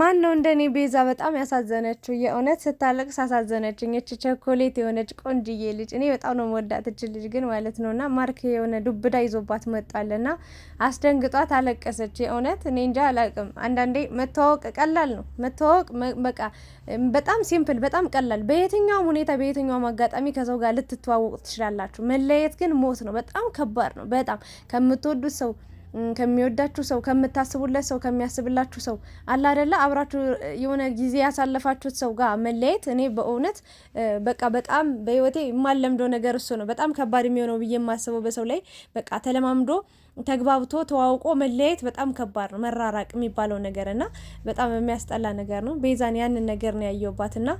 ማን ነው እንደኔ ቤዛ በጣም ያሳዘነችው? የእውነት ስታለቅስ አሳዘነችኝ። እች ቸኮሌት የሆነች ቆንጅዬ ልጅ እኔ በጣም ነው መወዳት እች ልጅ ግን ማለት ነው እና ማርክ የሆነ ዱብዳ ይዞባት መጣለና አስደንግጧት አለቀሰች። የእውነት እኔ እንጃ አላቅም። አንዳንዴ መተዋወቅ ቀላል ነው። መተዋወቅ በቃ በጣም ሲምፕል፣ በጣም ቀላል። በየትኛውም ሁኔታ በየትኛውም አጋጣሚ ከሰው ጋር ልትተዋወቁ ትችላላችሁ። መለየት ግን ሞት ነው። በጣም ከባድ ነው። በጣም ከምትወዱት ሰው ከሚወዳችሁ ሰው፣ ከምታስቡለት ሰው፣ ከሚያስብላችሁ ሰው አለ አደለ አብራችሁ የሆነ ጊዜ ያሳለፋችሁት ሰው ጋር መለየት እኔ በእውነት በቃ በጣም በህይወቴ የማለምደው ነገር እሱ ነው። በጣም ከባድ የሚሆነው ብዬ የማስበው በሰው ላይ በቃ ተለማምዶ ተግባብቶ ተዋውቆ መለያየት በጣም ከባድ ነው፣ መራራቅ የሚባለው ነገር እና በጣም የሚያስጠላ ነገር ነው። ቤዛን ያንን ነገር ነው ያየውባት እና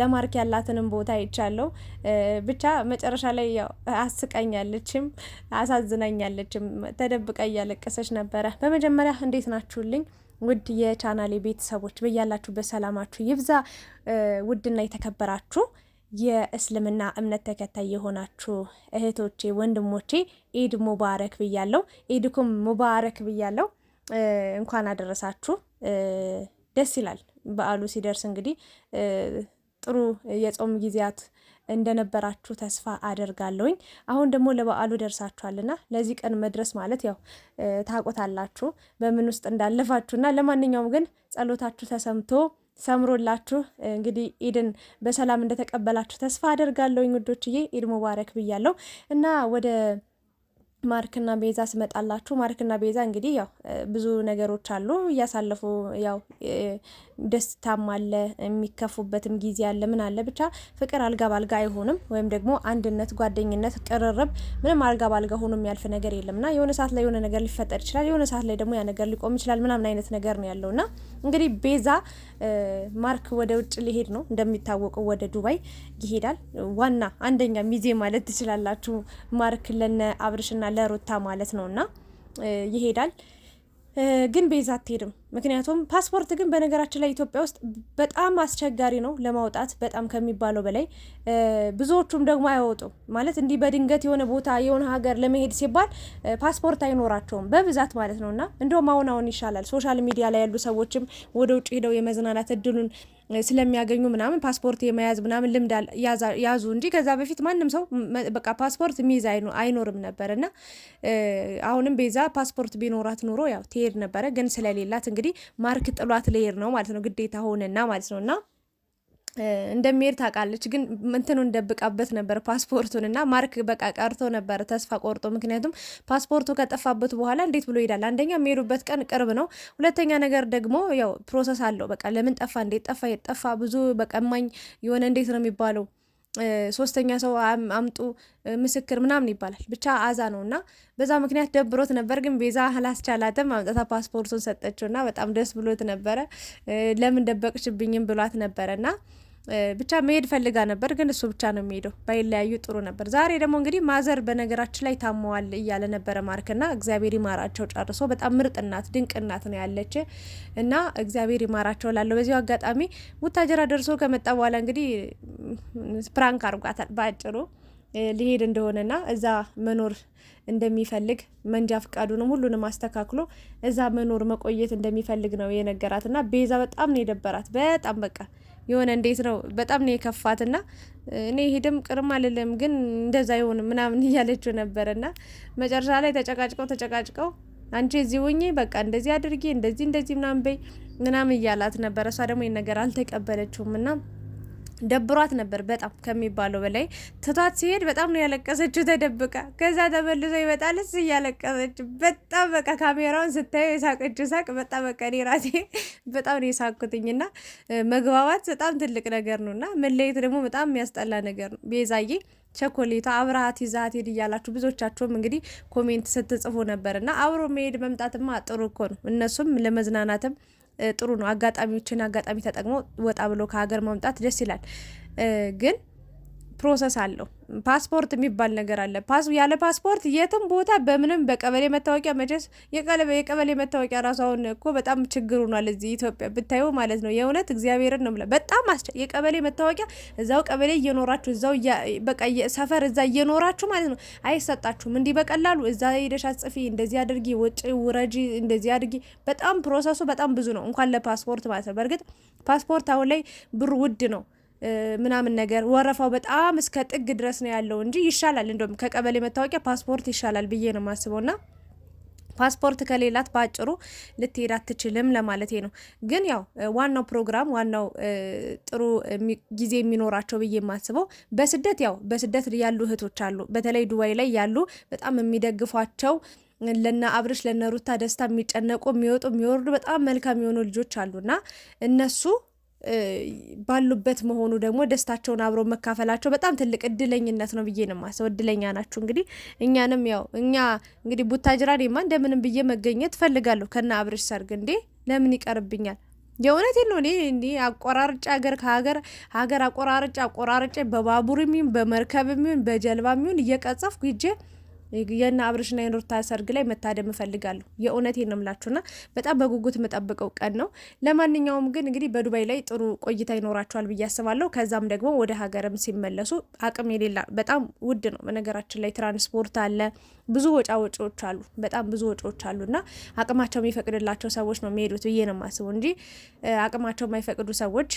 ለማርክ ያላትንም ቦታ ይቻለው ብቻ መጨረሻ ላይ ያው አስቀኛለችም አሳዝናኛለችም፣ ተደብቀ እያለቀሰች ነበረ። በመጀመሪያ እንዴት ናችሁልኝ? ውድ የቻናሌ ቤተሰቦች በያላችሁበት ሰላማችሁ ይብዛ። ውድና የተከበራችሁ የእስልምና እምነት ተከታይ የሆናችሁ እህቶቼ ወንድሞቼ ኢድ ሙባረክ ብያለው። ኢድኩም ሙባረክ ብያለው። እንኳን አደረሳችሁ። ደስ ይላል። በዓሉ ሲደርስ እንግዲህ ጥሩ የጾም ጊዜያት እንደነበራችሁ ተስፋ አደርጋለሁኝ። አሁን ደግሞ ለበዓሉ ደርሳችኋልና ለዚህ ቀን መድረስ ማለት ያው ታቆታላችሁ በምን ውስጥ እንዳለፋችሁና ለማንኛውም ግን ጸሎታችሁ ተሰምቶ ሰምሮላችሁ እንግዲህ ኢድን በሰላም እንደተቀበላችሁ ተስፋ አደርጋለሁ። ውዶችዬ ኢድ ሙባረክ ብያለሁ እና ወደ ማርክና ቤዛ ስመጣላችሁ ማርክና ቤዛ እንግዲህ ያው ብዙ ነገሮች አሉ እያሳለፉ ያው ደስታም አለ፣ የሚከፉበትም ጊዜ አለ። ምን አለ ብቻ ፍቅር አልጋ ባልጋ አይሆንም። ወይም ደግሞ አንድነት፣ ጓደኝነት፣ ቅርርብ ምንም አልጋ ባልጋ ሆኖ የሚያልፍ ነገር የለም እና የሆነ ሰዓት ላይ የሆነ ነገር ሊፈጠር ይችላል። የሆነ ሰዓት ላይ ደግሞ ያ ነገር ሊቆም ይችላል። ምናምን አይነት ነገር ነው ያለው ና እንግዲህ ቤዛ ማርክ ወደ ውጭ ሊሄድ ነው እንደሚታወቀው ወደ ዱባይ ይሄዳል። ዋና አንደኛ ሚዜ ማለት ትችላላችሁ ማርክ ለነ አብርሽና ለሩታ ማለት ነውና ይሄዳል። ግን ቤዛ አትሄድም። ምክንያቱም ፓስፖርት ግን በነገራችን ላይ ኢትዮጵያ ውስጥ በጣም አስቸጋሪ ነው ለማውጣት በጣም ከሚባለው በላይ። ብዙዎቹም ደግሞ አይወጡም ማለት እንዲህ በድንገት የሆነ ቦታ የሆነ ሀገር ለመሄድ ሲባል ፓስፖርት አይኖራቸውም በብዛት ማለት ነው። እና እንደውም አሁን አሁን ይሻላል። ሶሻል ሚዲያ ላይ ያሉ ሰዎችም ወደ ውጭ ሄደው የመዝናናት እድሉን ስለሚያገኙ ምናምን ፓስፖርት የመያዝ ምናምን ልምድ ያዙ እንጂ ከዛ በፊት ማንም ሰው በቃ ፓስፖርት የሚይዝ አይኖርም ነበር እና አሁንም ቤዛ ፓስፖርት ቢኖራት ኑሮ ያው ትሄድ ነበረ ግን ስለሌላት እንግዲህ ማርክ ጥሏት ሌየር ነው ማለት ነው ግዴታ ሆነና ማለት ነው እና እንደሚሄድ ታውቃለች፣ ግን እንትኑን ደብቃበት ነበር ፓስፖርቱን እና ማርክ በቃ ቀርቶ ነበር ተስፋ ቆርጦ። ምክንያቱም ፓስፖርቱ ከጠፋበት በኋላ እንዴት ብሎ ይሄዳል? አንደኛ የሚሄዱበት ቀን ቅርብ ነው፣ ሁለተኛ ነገር ደግሞ ያው ፕሮሰስ አለው። በቃ ለምን ጠፋ፣ እንዴት ጠፋ፣ የጠፋ ብዙ በቀማኝ የሆነ እንዴት ነው የሚባለው ሶስተኛ ሰው አምጡ ምስክር ምናምን ይባላል። ብቻ አዛ ነው እና በዛ ምክንያት ደብሮት ነበር። ግን ቤዛ አላስቻላትም። አምጥታ ፓስፖርቱን ሰጠችው እና በጣም ደስ ብሎት ነበረ። ለምን ደበቅሽብኝም ብሏት ነበረ እና ብቻ መሄድ ፈልጋ ነበር፣ ግን እሱ ብቻ ነው የሚሄደው። ባይለያዩ ጥሩ ነበር። ዛሬ ደግሞ እንግዲህ ማዘር በነገራችን ላይ ታመዋል እያለ ነበረ ማርክና፣ እግዚአብሔር ይማራቸው ጨርሶ። በጣም ምርጥ እናት ድንቅ እናት ነው ያለች እና እግዚአብሔር ይማራቸው ላለው በዚሁ አጋጣሚ ውታጀራ ደርሶ ከመጣ በኋላ እንግዲህ ፕራንክ አርጓታል በአጭሩ ሊሄድ እንደሆነና እዛ መኖር እንደሚፈልግ መንጃ ፍቃዱንም ሁሉንም አስተካክሎ እዛ መኖር መቆየት እንደሚፈልግ ነው የነገራት። እና ቤዛ በጣም ነው የደበራት። በጣም በቃ የሆነ እንዴት ነው በጣም ነው የከፋት። እና እኔ ሄድም ቅርም አልልም ግን እንደዛ ይሆን ምናምን እያለችው ነበር። እና መጨረሻ ላይ ተጨቃጭቀው ተጨቃጭቀው አንቺ እዚህ ሆኜ በቃ እንደዚህ አድርጌ እንደዚህ እንደዚህ ምናምን በይ ምናምን እያላት ነበረ። እሷ ደግሞ ይነገር አልተቀበለችውም እና ደብሯት ነበር በጣም ከሚባለው በላይ። ትቷት ሲሄድ በጣም ነው ያለቀሰችው ተደብቃ። ከዛ ተመልሶ ይመጣልስ እያለቀሰች በጣም በቃ ካሜራውን ስታየው የሳቀችው ሳቅ በጣም በቃ እኔ ራሴ በጣም ነው የሳኩትኝ። እና መግባባት በጣም ትልቅ ነገር ነው እና መለየት ደግሞ በጣም የሚያስጠላ ነገር ነው። ቤዛዬ ቸኮሌቷ አብረሃት ይዛት ሄድ እያላችሁ ብዙዎቻችሁም እንግዲህ ኮሜንት ስትጽፉ ነበር እና አብሮ መሄድ መምጣትማ ጥሩ እኮ ነው እነሱም ለመዝናናትም ጥሩ ነው። አጋጣሚዎችን አጋጣሚ ተጠቅሞ ወጣ ብሎ ከሀገር መምጣት ደስ ይላል ግን ፕሮሰስ አለው። ፓስፖርት የሚባል ነገር አለ። ያለ ፓስፖርት የትም ቦታ በምንም በቀበሌ መታወቂያ መቼስ የቀበሌ መታወቂያ ራሱ አሁን እኮ በጣም ችግር ሆኗል። እዚህ ኢትዮጵያ ብታዩ ማለት ነው። የእውነት እግዚአብሔርን ነው ምላ በጣም አስቸ የቀበሌ መታወቂያ እዛው ቀበሌ እየኖራችሁ እዛው በቃ ሰፈር እዛ እየኖራችሁ ማለት ነው አይሰጣችሁም። እንዲህ በቀላሉ እዛ ሄደሽ አጽፊ፣ እንደዚህ አድርጊ፣ ውጪ ውረጂ፣ እንደዚህ አድርጊ። በጣም ፕሮሰሱ በጣም ብዙ ነው፣ እንኳን ለፓስፖርት ማለት ነው። በእርግጥ ፓስፖርት አሁን ላይ ብር ውድ ነው። ምናምን ነገር ወረፋው በጣም እስከ ጥግ ድረስ ነው ያለው እንጂ ይሻላል። እንደውም ከቀበሌ መታወቂያ ፓስፖርት ይሻላል ብዬ ነው ና ፓስፖርት ከሌላት በአጭሩ ልትሄድ አትችልም ለማለት ነው። ግን ያው ዋናው ፕሮግራም ዋናው ጥሩ ጊዜ የሚኖራቸው ብዬ የማስበው በስደት ያው በስደት ያሉ እህቶች አሉ፣ በተለይ ዱባይ ላይ ያሉ በጣም የሚደግፏቸው ለነ አብርሽ ለነ ሩታ ደስታ የሚጨነቁ የሚወጡ የሚወርዱ በጣም መልካም የሆኑ ልጆች እና እነሱ ባሉበት መሆኑ ደግሞ ደስታቸውን አብሮ መካፈላቸው በጣም ትልቅ እድለኝነት ነው ብዬ ነው ማሰብ። እድለኛ ናችሁ። እንግዲህ እኛንም ያው እኛ እንግዲህ ቡታጅራ እኔማ እንደምንም ብዬ መገኘት ፈልጋለሁ ከነ አብርሽ ሰርግ። እንዴ ለምን ይቀርብኛል? የእውነት ነው። እኔ እንዲ አቆራርጬ ሀገር ከሀገር ሀገር አቆራርጬ አቆራርጬ በባቡር ሚሆን በመርከብ ሚሆን በጀልባ ሚሆን እየቀጸፍኩ ሂጄ የነ አብርሽና የኖርታ ሰርግ ላይ መታደም እፈልጋለሁ። የእውነት ነው ምላችሁና በጣም በጉጉት የምጠብቀው ቀን ነው። ለማንኛውም ግን እንግዲህ በዱባይ ላይ ጥሩ ቆይታ ይኖራቸዋል ብዬ አስባለሁ። ከዛም ደግሞ ወደ ሀገርም ሲመለሱ አቅም የሌላ በጣም ውድ ነው በነገራችን ላይ ትራንስፖርት አለ፣ ብዙ ወጫ ወጪዎች አሉ፣ በጣም ብዙ ወጪዎች አሉ እና አቅማቸው የሚፈቅድላቸው ሰዎች ነው የሚሄዱት ብዬ ነው የማስበው እንጂ አቅማቸው የማይፈቅዱ ሰዎች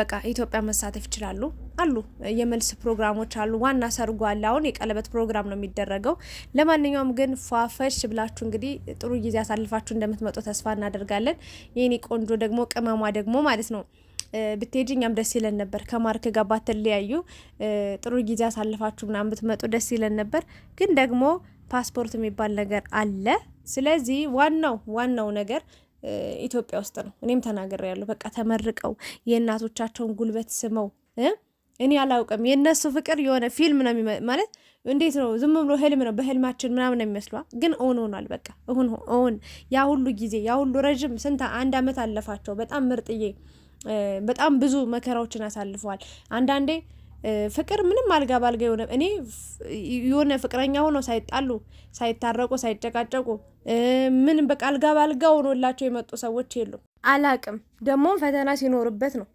በቃ ኢትዮጵያ መሳተፍ ይችላሉ። አሉ የመልስ ፕሮግራሞች አሉ። ዋና ሰርጉ አለ። አሁን የቀለበት ፕሮግራም ነው የሚደረገው። ለማንኛውም ግን ፏፈሽ ብላችሁ እንግዲህ ጥሩ ጊዜ አሳልፋችሁ እንደምትመጡ ተስፋ እናደርጋለን። የኔ ቆንጆ ደግሞ ቅመሟ ደግሞ ማለት ነው ብትሄጂ እኛም ደስ ይለን ነበር። ከማርክ ጋር ባትለያዩ ጥሩ ጊዜ አሳልፋችሁ ምናምን ብትመጡ ደስ ይለን ነበር። ግን ደግሞ ፓስፖርት የሚባል ነገር አለ። ስለዚህ ዋናው ዋናው ነገር ኢትዮጵያ ውስጥ ነው። እኔም ተናግሬ ያለሁ በቃ ተመርቀው የእናቶቻቸውን ጉልበት ስመው እኔ አላውቅም። የእነሱ ፍቅር የሆነ ፊልም ነው ማለት እንዴት ነው? ዝም ብሎ ህልም ነው በህልማችን ምናምን ነው የሚመስሏ፣ ግን እውን ሆኗል። በቃ እሁን እውን ያ ሁሉ ጊዜ ያ ሁሉ ረዥም ስንት አንድ አመት አለፋቸው። በጣም ምርጥዬ፣ በጣም ብዙ መከራዎችን አሳልፈዋል። አንዳንዴ ፍቅር ምንም አልጋ ባልጋ የሆነ እኔ የሆነ ፍቅረኛ ሆኖ ሳይጣሉ ሳይታረቁ ሳይጨቃጨቁ ምን በቃ አልጋ ባልጋ ሆኖላቸው የመጡ ሰዎች የሉም። አላቅም ደግሞ ፈተና ሲኖርበት ነው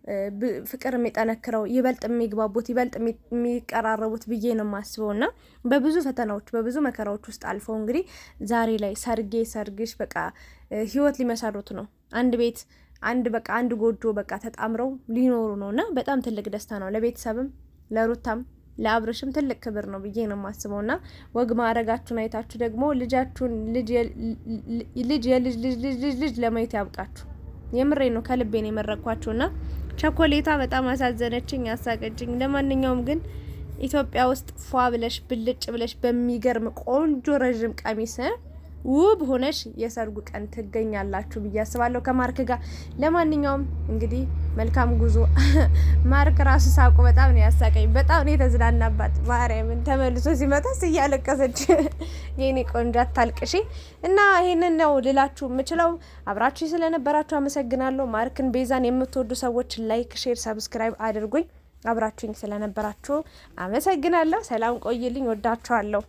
ፍቅር የሚጠነክረው ይበልጥ የሚግባቡት ይበልጥ የሚቀራረቡት ብዬ ነው የማስበው። እና በብዙ ፈተናዎች በብዙ መከራዎች ውስጥ አልፈው እንግዲህ ዛሬ ላይ ሰርጌ ሰርግሽ በቃ ህይወት ሊመሰሩት ነው አንድ ቤት አንድ በቃ አንድ ጎጆ በቃ ተጣምረው ሊኖሩ ነው እና በጣም ትልቅ ደስታ ነው ለቤተሰብም ለሩታም ለአብረሽም ትልቅ ክብር ነው ብዬ ነው የማስበው። እና ወግ ማዕረጋችሁን አይታችሁ ደግሞ ልጃችሁን ልጅ የልጅ ልጅ ልጅ ልጅ ልጅ ለማየት ያብቃችሁ። የምሬ ነው፣ ከልቤን እና ቸኮሌታ በጣም አሳዘነችኝ፣ አሳቀችኝ። ለማንኛውም ግን ኢትዮጵያ ውስጥ ፏ ብለሽ ብልጭ ብለሽ በሚገርም ቆንጆ ረዥም ቀሚስ ውብ ሆነሽ የሰርጉ ቀን ትገኛላችሁ ብዬ አስባለሁ ከማርክ ጋር። ለማንኛውም እንግዲህ መልካም ጉዞ። ማርክ ራሱ ሳቁ በጣም ነው ያሳቀኝ። በጣም ነው የተዝናናባት። ማርያምን ተመልሶ ሲመጣ እያለቀሰች የኔ ቆንጆ አታልቅሺ። እና ይህንን ነው ልላችሁ የምችለው። አብራችሁ ስለነበራችሁ አመሰግናለሁ። ማርክን፣ ቤዛን የምትወዱ ሰዎች ላይክ፣ ሼር፣ ሰብስክራይብ አድርጉኝ። አብራችሁኝ ስለነበራችሁ አመሰግናለሁ። ሰላም ቆይልኝ። ወዳችኋለሁ።